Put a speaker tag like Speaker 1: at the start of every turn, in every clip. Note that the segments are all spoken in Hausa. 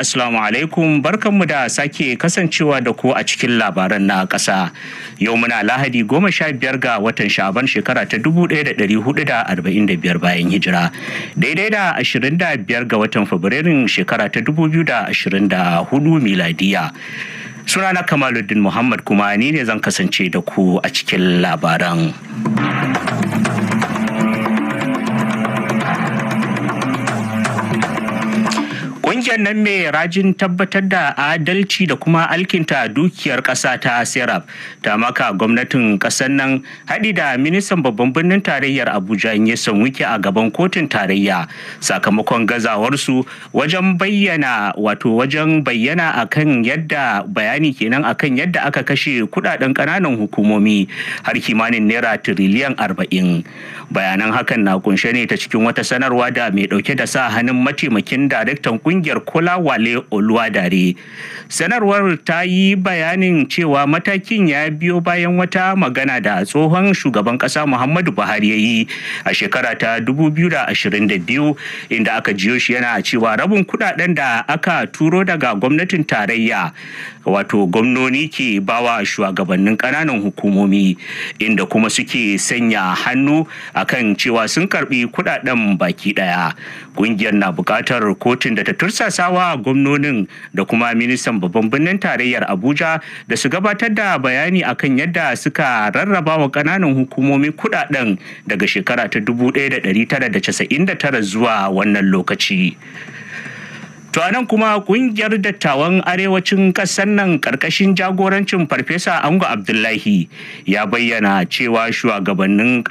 Speaker 1: Assalamu alaikum barkanmu da sake kasancewa da ku a cikin labaran na ƙasa. Yau muna Lahadi goma sha biyar ga watan Shaban shekara ta dubu ɗaya da ɗari hudu da arba'in da biyar bayan hijira. Daidai da ashirin da biyar ga watan Fabrairun shekara ta dubu biyu da ashirin da hudu miladiya. Sunana Kamaluddin Muhammad kuma ni ne zan kasance da ku a cikin labaran. hujjar nan mai rajin tabbatar da adalci da kuma alkinta dukiyar ƙasa ta Serap ta maka gwamnatin ƙasar nan haɗi da ministan babban birnin tarayyar Abuja in yi Wike a gaban kotun tarayya sakamakon gazawarsu wajen bayyana wato wajen bayyana akan yadda bayani kenan akan yadda aka kashe kudaden ƙananan hukumomi har kimanin naira tiriliyan arba'in. Bayanan hakan na kunshe ne ta cikin wata sanarwa da mai ɗauke da sa hannun mataimakin daraktan ƙungiyar jami'ar Kolawale Oluwadare. Sanarwar ta yi bayanin cewa matakin ya biyo bayan wata magana da tsohon shugaban ƙasa Muhammadu Buhari ya yi a shekara ta 2022 inda aka jiyo shi yana cewa rabin kudaden da aka turo daga gwamnatin tarayya wato gwamnoni ke bawa shugabannin ƙananan hukumomi inda kuma suke sanya hannu akan cewa sun karbi kudaden baki daya. Ƙungiyar na buƙatar kotun da ta tursa a gwamnonin da kuma ministan babban birnin tarayyar abuja da su gabatar da bayani akan yadda suka rarraba wa kananan hukumomi kudaden daga shekara ta 1999 zuwa wannan lokaci To nan kuma kungiyar dattawan arewacin ƙasar nan ƙarƙashin jagorancin Farfesa Ango Abdullahi ya bayyana cewa shugabannin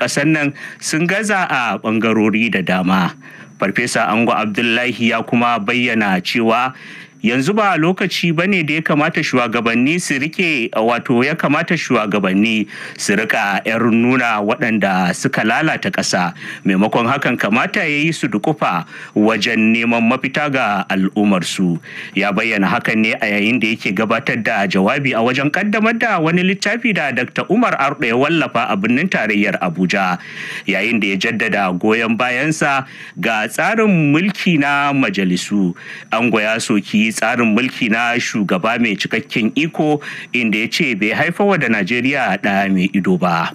Speaker 1: ƙasar nan sun gaza a ɓangarori da dama. farfesa ango abdullahi ya kuma bayyana cewa yanzu ba lokaci ba ne da ya kamata shugabanni su rike wato ya kamata shugabanni su rika 'yar nuna waɗanda suka lalata ƙasa maimakon hakan kamata ya yi su dukufa wajen neman mafita ga al'ummarsu ya bayyana hakan ne a yayin da yake gabatar da jawabi a wajen kaddamar da wani littafi da dr umar Arɗo ya wallafa a birnin tarayyar abuja yayin da ya jaddada goyon bayansa ga tsarin mulki na majalisu an goya soki tsarin mulki na shugaba mai cikakken iko inda ya ce bai haifawa da najeriya ɗaya mai ido ba.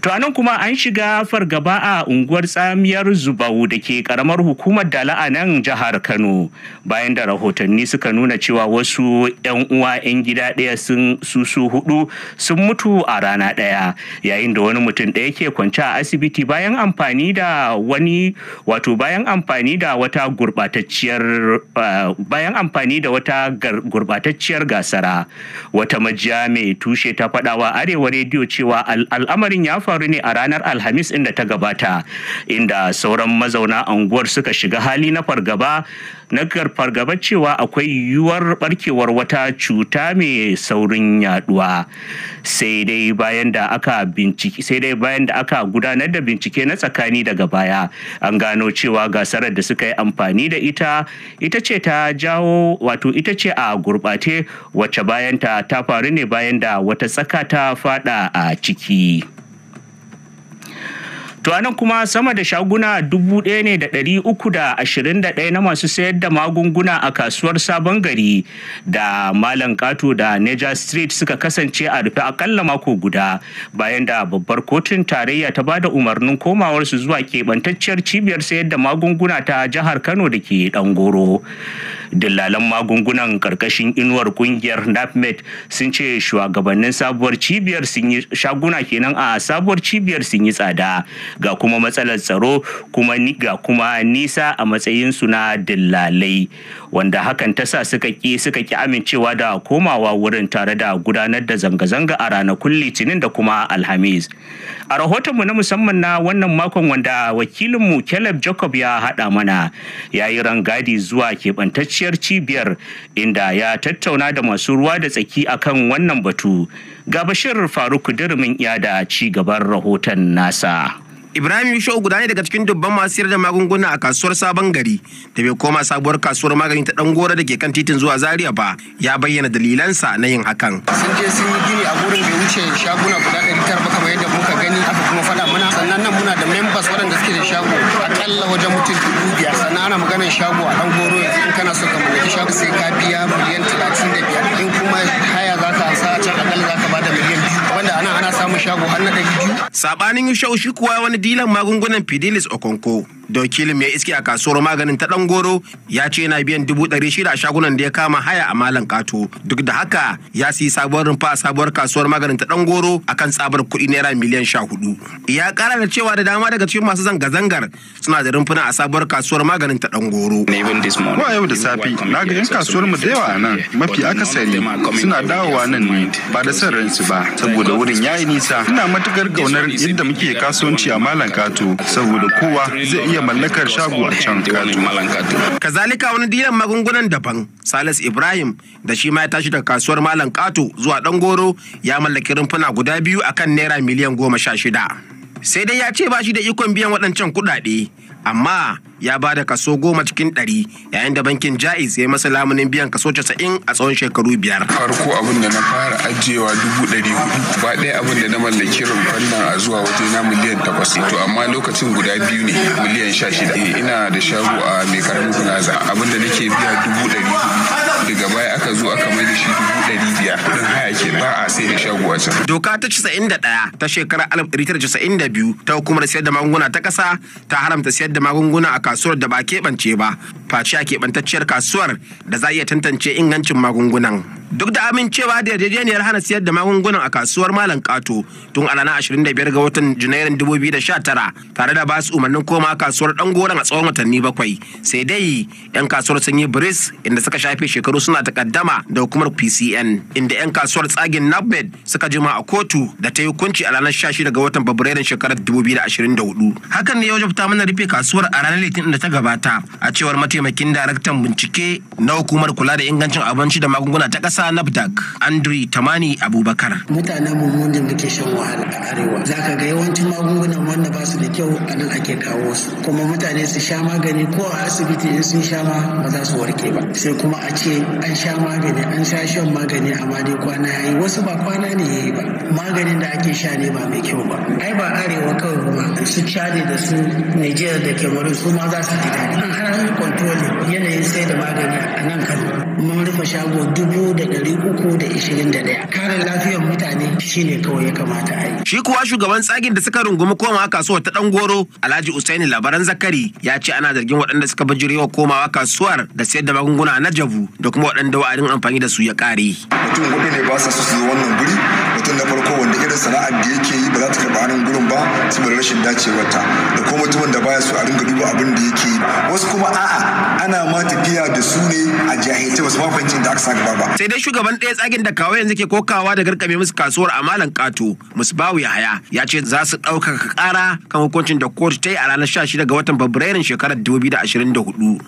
Speaker 1: To anan kuma an shiga fargaba a unguwar tsamiyar Zubau da ke karamar hukumar Dala a nan jihar Kano bayan da rahotanni suka nuna cewa wasu 'yan uwa 'yan gida ɗaya sun susu hudu sun mutu a rana ɗaya yayin da wani mutum ɗaya ke kwance a asibiti bayan amfani da wani wato bayan amfani da wata gurbatacciyar bayan amfani da wata gurbatacciyar gasara wata majiya mai tushe ta faɗawa arewa rediyo cewa al'amarin ya faru faru ne a ranar Alhamis inda ta gabata inda sauran mazauna unguwar suka shiga hali na fargaba na fargaba cewa akwai yiwuwar barkewar wata cuta mai saurin yaduwa sai dai bayan da aka bincike sai dai bayan da aka gudanar da bincike na tsakani daga baya an gano cewa gasar da suka yi amfani da ita ita ce ta jawo wato ita ce a gurbate wacce bayan ta ta faru ne bayan da wata tsaka ta fada a ciki. To anan kuma sama da shaguna dubu ɗaya ne da ɗari uku da ashirin da ɗaya na masu sayar da magunguna a kasuwar Sabon Gari da Malam Kato da Neja Street suka kasance a rufe akalla mako guda bayan da babbar kotun tarayya ta bada umarnin komawarsu zuwa keɓantacciyar cibiyar sayar da magunguna ta jihar Kano da ke Dangoro. Dillalan magungunan karkashin inuwar kungiyar NAPMET sun ce shugabannin sabuwar cibiyar sun yi shaguna kenan a sabuwar cibiyar sun yi tsada. ga kuma matsalar tsaro kuma ga kuma nisa a matsayinsu na dillalai wanda hakan ta sa suka ki suka ki amincewa da komawa wurin tare da gudanar da zanga-zanga a ranakun litinin da kuma alhamis a rahotonmu na musamman na wannan makon wanda wakilinmu caleb jacob ya haɗa mana ya yi rangadi zuwa keɓantacciyar cibiyar inda ya tattauna da masu ruwa da tsaki akan wannan batu ga bashir faruk durumin iya da ci gaban rahoton nasa Ibrahim Yusho guda ne daga cikin dubban masu siyar da magunguna a kasuwar Sabon
Speaker 2: Gari da bai koma sabuwar kasuwar magani ta Dangora da ke kan titin zuwa Zaria ba ya bayyana dalilansa na yin hakan. Sun je sun yi gini a gurin bai wuce shaguna guda ɗari tara ba kamar yadda muka gani aka kuma faɗa mana sannan nan muna da membas waɗanda suke da shago aƙalla wajen mutum dubu biyar sannan ana maganar shago a Dangoro yanzu in kana so ka mallaki shago sai ka biya miliyan talatin da biyar in kuma haya za ka sa a can aƙalla za ka ba da miliyan biyu wanda mu shago har na biyu. Saɓanin Yushau shi kuwa wani dilan magungunan Fidelis Okonko. kilin mai iske a kasuwar maganin ta ɗan ya ce yana biyan dubu ɗari shida a shagunan da ya kama haya a Malam Kato. Duk da haka ya siyi sabuwar rumfa a sabuwar kasuwar maganin ta ɗan goro a kan tsabar kuɗi naira miliyan sha hudu. Ya ƙara da cewa da dama daga cikin masu zanga-zangar suna da rumfuna a sabuwar kasuwar maganin ta ɗan goro. yau da safi na ga 'yan kasuwar mu da yawa a nan mafi akasari suna dawowa nan ne ba da son ransu ba saboda wurin yayi isa ina matukar gaunar yadda muke kasuwanci a malam kato saboda kowa zai iya mallakar shago a can kato kazalika wani dilan magungunan daban salis ibrahim da shi ma ya tashi daga kasuwar malam kato zuwa dangoro ya mallaki rumfuna guda biyu akan naira miliyan goma sha shida sai dai ya ce ba shi da ikon biyan waɗancan kuɗaɗe amma ya ba da kaso goma cikin ɗari yayin da bankin jaiz ya yi masa lamunin biyan kaso casa'in a tsawon shekaru biyar. farko abin da na fara ajiyewa dubu ɗari hudu ba ɗaya abin da na mallaki rumfan nan a zuwa waje na miliyan takwas to amma lokacin guda biyu ne miliyan sha shida eh, ina da shago a mai karamin kunaza abin da nake biya dubu ɗari daga baya aka zo aka mai da shi dubu ɗari biyar don haya ke ba a sai da shago a can. doka ta casa'in da ɗaya ta shekarar alif ɗari tara casa'in da biyu ta hukumar siyar da magunguna ta ƙasa ta haramta siyar da magunguna a kasuwar da ba keɓance ba face a keɓantacciyar kasuwar da za a iya tantance ingancin magungunan duk da amincewa da yarjejeniyar hana siyar da magungunan a kasuwar malam kato tun a ranar 25 ga watan janairun 2019 tare da basu umarnin koma kasuwar dan goron a tsawon watanni bakwai sai dai yan kasuwar sun yi bris inda suka shafe shekaru suna takaddama da hukumar pcn inda yan kasuwar tsagin nabed suka jima a kotu da ta yi hukunci a ranar 16 ga watan fabrairun shekarar 2024 hakan ne ya wajabta mana rufe kasuwar a ranar litinin da ta gabata a cewar mataimakin daraktan bincike na hukumar kula da ingancin abinci da magunguna ta ƙasa Musa Nabdak, Andri Tamani Abubakar. Mutanen mu da muke shan wahala a arewa. Za ka ga yawancin magungunan wanda ba su da kyau a nan ake kawo su. Kuma mutane su sha magani ko a asibiti in sun sha ma ba za su warke ba. Sai kuma a ce an sha magani an sha shan magani amma dai kwana yayi wasu ba kwana ne yayi ba. Maganin da ake sha ne ba mai kyau ba. Ai ba arewa kawai ba su cade da su Nijar da Cameroon su ma za su ji daɗi. An hana control yanayin sai da magani a nan Kano. mun rufe shago dubu da ɗari uku da ishirin da ɗaya kare lafiyar mutane shine kawai ya kamata a yi. shi kuwa shugaban tsagin da suka rungumi komawa kasuwar ta ɗan goro alhaji usaini labaran zakari ya ce ana zargin waɗanda suka wa komawa kasuwar da sayar da magunguna na jabu da kuma waɗanda wa'adin amfani da su ya kare. mutum hudu ne ba sa su zo wannan guri mutum na farko wanda irin sana'ar da yake yi ba za ta a gurin ba saboda rashin dacewar ta da kuma mutumin da baya so a ringa duba abin da yake wasu kuma a'a ana ma tafiya da su ne a jahilce ba su ma fahimci da aka sa gaba ba sai dai shugaban ɗaya tsakin da kawo yanzu ke kokawa da garkame musu kasuwar a Malam kato musbawu yahaya ya ce za su ɗaukaka ƙara kan hukuncin da kotu ta yi a ranar 16 ga watan fabrairun shekarar 2024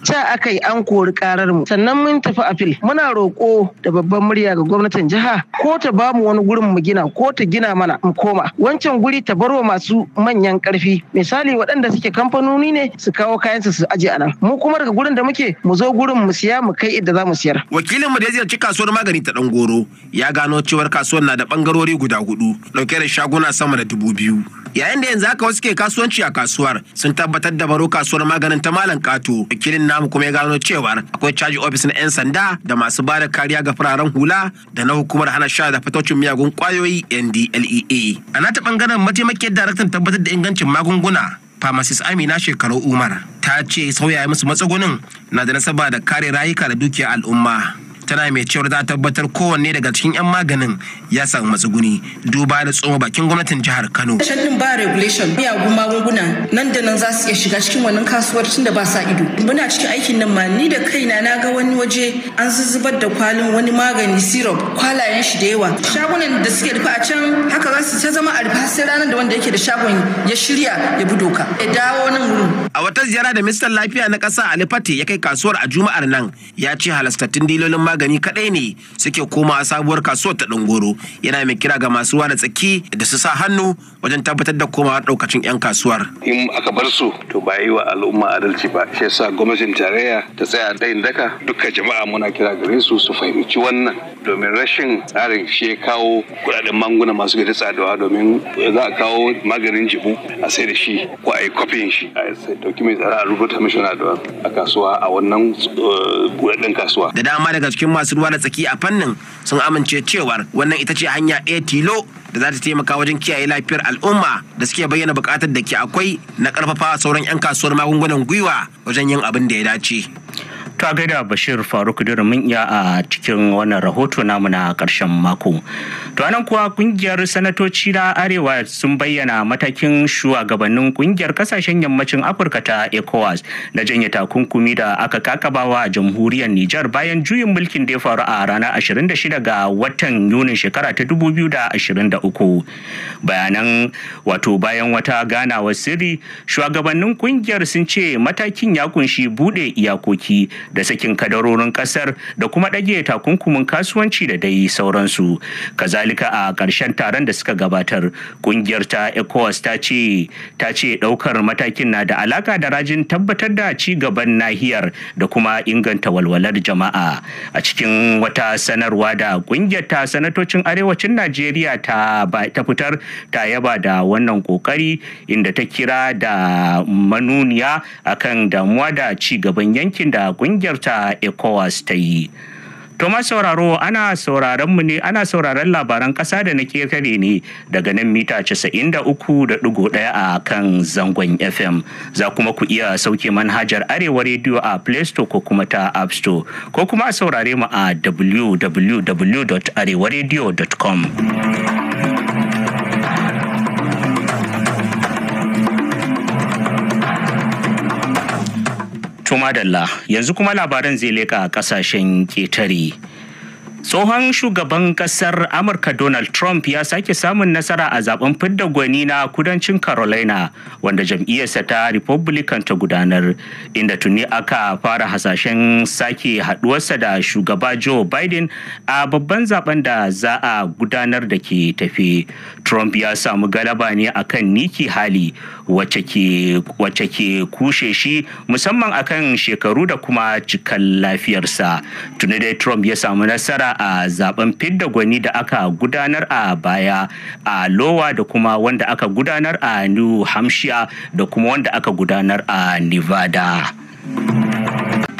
Speaker 2: ta aka yi an kori karar mu sannan mun tafi fili? muna roƙo da babban murya ga gwamnatin jiha ko ta bamu wani gurin mu gina ko ta gina mana mu koma wancan guri ta bar barwa masu manyan karfi misali waɗanda suke kamfanoni ne su kawo kayansu su aje a mu kuma daga gurin da muke mu zo gurin mu siya mu kai inda za mu siyar wakilin mu da ya ziyarci kasuwar magani ta goro ya gano cewar kasuwar na da bangarori guda hudu ɗauke da shaguna sama da dubu biyu yayin da yanzu aka wasu ke kasuwanci a kasuwar sun tabbatar da baro kasuwar maganin ta malam kato wakilin namu kuma ya gano cewar akwai caji ofis na 'yan sanda da masu bada kariya ga fararen hula da na hukumar hana sha da fitocin miyagun kwayoyi ndlea a nata bangaren mataimakiyar daraktan tabbatar da ingancin magunguna pharmacist amina shekaru umar ta ce sauya musu matsugunin na da nasaba da kare rayuka da dukiyar al'umma tana mai cewar za tabbatar kowanne daga cikin 'yan maganin ya samu matsuguni duba da tsoma bakin gwamnatin jihar kano din ba regulation miyagun magunguna nan da nan za su iya shiga cikin wannan kasuwar tun da ba sa ido muna cikin aikin nan ma ni da kaina na ga wani waje an zuzzubar da kwalin wani magani syrup kwalayen shi da yawa shagunan da suke rufe a can haka za su ta zama a rufe sai ranar da wanda yake da shagon ya shirya ya bi doka ya dawo nan wurin a wata ziyara da ministan lafiya na ƙasa alifati ya kai kasuwar a juma'ar nan ya ce halastattun dilolin magani gani kadai ne suke koma a sabuwar kasuwar ta dungoro yana mai kira ga masu wada tsaki da su sa hannu wajen tabbatar da komawa daukacin yan kasuwar in aka bar su to ba yi wa al'umma adalci ba shi yasa gwamnatin tarayya ta tsaya dayin daka duka jama'a muna kira gare su su fahimci wannan domin rashin tsarin shi ya kawo kudaden manguna masu gari tsadawa domin za a kawo maganin jibu a sai da shi ko a yi kwafin shi a sai dauki mai tsara a rubuta mishi a kasuwa a wannan eh, kudaden kasuwa da dama daga cikin masu ruwa da tsaki a fannin sun amince cewar wannan ita ce hanya ɗaya tilo da za ta taimaka wajen kiyaye lafiyar al'umma da suke bayyana buƙatar da ke akwai na ƙarfafa sauran 'yan kasuwar magungunan gwiwa wajen yin abin da ya
Speaker 1: dace. Ka gaida bashir faruk mun iya a cikin wannan rahoto namu na karshen mako to anan kuwa kungiyar sanatoci na arewa sun bayyana matakin shugabannin kungiyar kasashen yammacin afirka ta ecowas da janye takunkumi da aka kakabawa a jamhuriyar nijar bayan juyin mulkin da ya faru a ranar 26 ga watan yunin shekara ta 2023 bayanan wato bayan wata ganawar sirri shugabannin kungiyar sun ce matakin ya kunshi bude iyakoki da sakin kadarorin kasar da kuma ɗage takunkumin kasuwanci da dai sauransu kazalika a ƙarshen taron da suka gabatar ƙungiyar ta ecowas ta ce ta ce ɗaukar matakin na da alaka da rajin tabbatar da ci gaban nahiyar da kuma inganta walwalar jama'a a cikin wata sanarwa da ƙungiyar ta sanatocin arewacin najeriya ta fitar ta yaba da wannan ƙoƙari inda ta kira da manuniya akan damuwa da ci gaban yankin da ƙungiyar ƙungiyar ECOWAS ta yi. Toma sauraro ana sauraron mu ne ana sauraron labaran ƙasa da na ketare ne daga nan mita 93.1 a kan zangon FM. Za kuma ku iya sauke manhajar Arewa rediyo a Play Store ko kuma ta App Store ko kuma saurare mu a www.arewaradio.com. To madalla yanzu kuma labaran zai leƙa ƙasashen ƙetare. Tsohon shugaban ƙasar Amurka Donald Trump ya sake samun nasara a zaben fidda gwani na kudancin Carolina wanda jam'iyyarsa ta Republican ta gudanar inda tuni aka fara hasashen sake haduwarsa da shugaba Joe Biden a babban zaben da za a gudanar da ke tafe. Trump ya samu galaba ne akan Niki Hali. wacce ke kushe shi musamman akan shekaru da kuma cikan lafiyarsa tuni dai trump ya samu nasara a zaben fidda gwani da aka gudanar a baya a lowa da kuma wanda aka gudanar a new hampshire da kuma wanda aka gudanar a nevada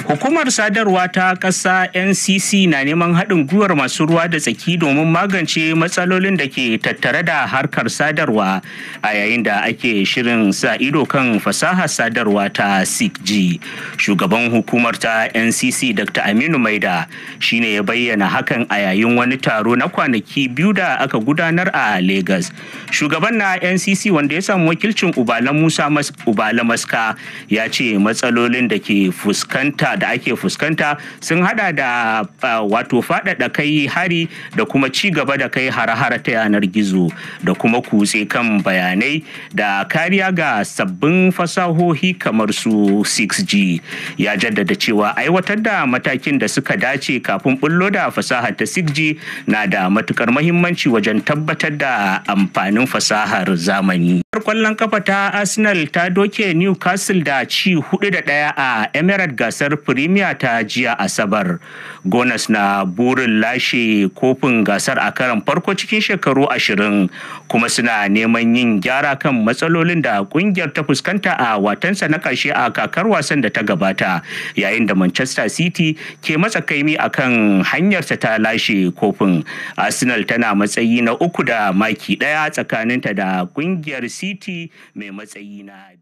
Speaker 1: Hukumar sadarwa ta ƙasa NCC na neman haɗin gwiwar masu ruwa da tsaki domin magance matsalolin da ke tattare da harkar sadarwa a yayin da ake shirin sa ido kan fasahar sadarwa ta 6G. Shugaban hukumar ta NCC Dr. Aminu Maida shine ya bayyana hakan a yayin wani taro na kwanaki biyu da aka gudanar a Legas. Shugaban na NCC wanda ya samu wakilcin Ubala Musa Ubala Maska ya ce matsalolin da ke fuskanta da ake fuskanta sun hada da wato faɗaɗa kai hari da kuma ci gaba da kai hare-hare ta yanar gizo da kuma kutse kan bayanai da kariya ga sabbin fasahohi kamar su 6G ya jaddada cewa aiwatar da matakin da suka dace kafin bullo da fasahar ta 6G na da matukar mahimmanci wajen tabbatar da amfanin fasahar zamani. kwallon kafa ta Arsenal ta doke Newcastle da ci hudu da ɗaya a Emirates gasar Premier ta jiya Asabar. Gonas na burin lashe kofin gasar a karan farko cikin shekaru ashirin kuma suna neman yin gyara kan matsalolin da kungiyar ta fuskanta a watansa na kashe a kakar wasan da ta gabata yayin da Manchester City ke matsa kaimi a kan hanyarsa ta lashe kofin. Arsenal tana matsayi na uku da maki ɗaya tsakaninta da kungiyar city mai matsayi na